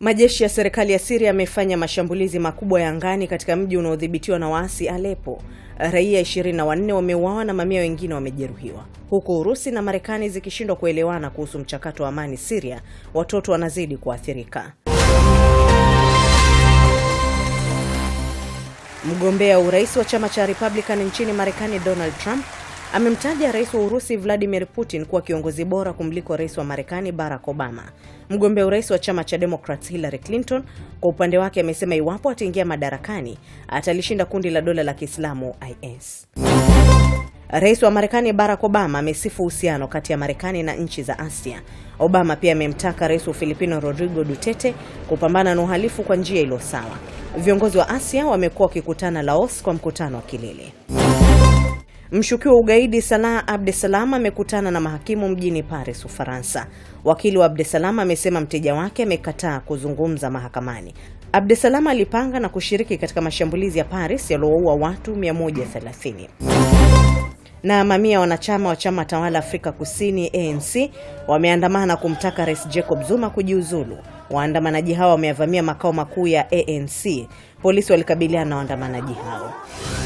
Majeshi ya serikali ya siria yamefanya mashambulizi makubwa ya angani katika mji unaodhibitiwa na waasi alepo Raia 24 wameuawa na mamia wengine wamejeruhiwa, huku Urusi na Marekani zikishindwa kuelewana kuhusu mchakato wa amani siria Watoto wanazidi kuathirika. Mgombea urais wa chama cha Republican nchini Marekani Donald Trump amemtaja rais wa Urusi Vladimir Putin kuwa kiongozi bora kumliko rais wa Marekani Barack Obama. Mgombea urais wa chama cha Democrat Hillary Clinton kwa upande wake amesema iwapo ataingia madarakani atalishinda kundi la dola la Kiislamu IS. Rais wa Marekani Barack Obama amesifu uhusiano kati ya Marekani na nchi za Asia. Obama pia amemtaka rais wa Filipino Rodrigo dutete kupambana na uhalifu kwa njia iliyo sawa. Viongozi wa Asia wamekuwa wakikutana Laos kwa mkutano wa kilele. Mshukiwa ugaidi Salah Abdesalam amekutana na mahakimu mjini Paris, Ufaransa. Wakili wa Abdesalam amesema mteja wake amekataa kuzungumza mahakamani. Abdesalam alipanga na kushiriki katika mashambulizi ya Paris yaliyoua watu 130. Na mamia wanachama wa chama tawala Afrika Kusini ANC wameandamana kumtaka Rais Jacob Zuma kujiuzulu. Waandamanaji hao wameyavamia makao makuu ya ANC. Polisi walikabiliana na waandamanaji hao.